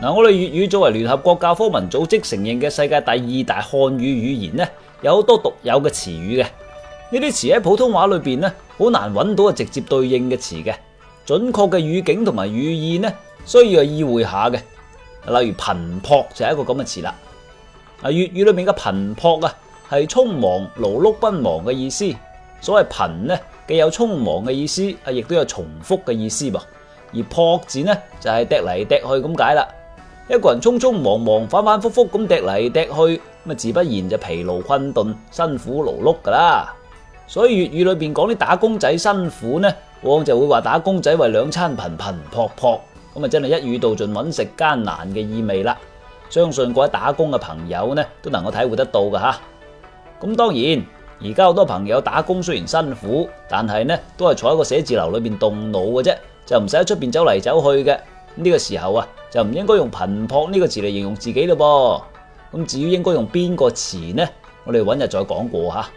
嗱，我哋粵語作為聯合國教科文組織承認嘅世界第二大漢語語言咧，有好多獨有嘅詞語嘅。呢啲詞喺普通話裏邊咧，好難揾到直接對應嘅詞嘅。準確嘅語境同埋語言咧，需要係意會下嘅。例如，頻撲就係一個咁嘅詞啦。啊，粵語裏邊嘅頻撲啊，係匆忙、勞碌、奔忙嘅意思。所謂頻咧，既有匆忙嘅意思啊，亦都有重複嘅意思噃。而撲字呢，就係趯嚟趯去咁解啦。一個人匆匆忙忙、反反覆覆咁趯嚟趯去，咁啊自不然就疲勞困頓、辛苦勞碌噶啦。所以粵語裏邊講啲打工仔辛苦呢，往往就會話打工仔為兩餐頻頻撲撲，咁啊真係一語道盡揾食艱難嘅意味啦。相信各位打工嘅朋友呢，都能夠體會得到㗎吓。咁當然，而家好多朋友打工雖然辛苦，但係呢都係坐喺個寫字樓裏邊動腦嘅啫，就唔使喺出邊走嚟走去嘅。呢個時候啊，就唔應該用頻撲呢個詞嚟形容自己嘞噃。咁至於應該用邊個詞呢？我哋揾日再講過吓。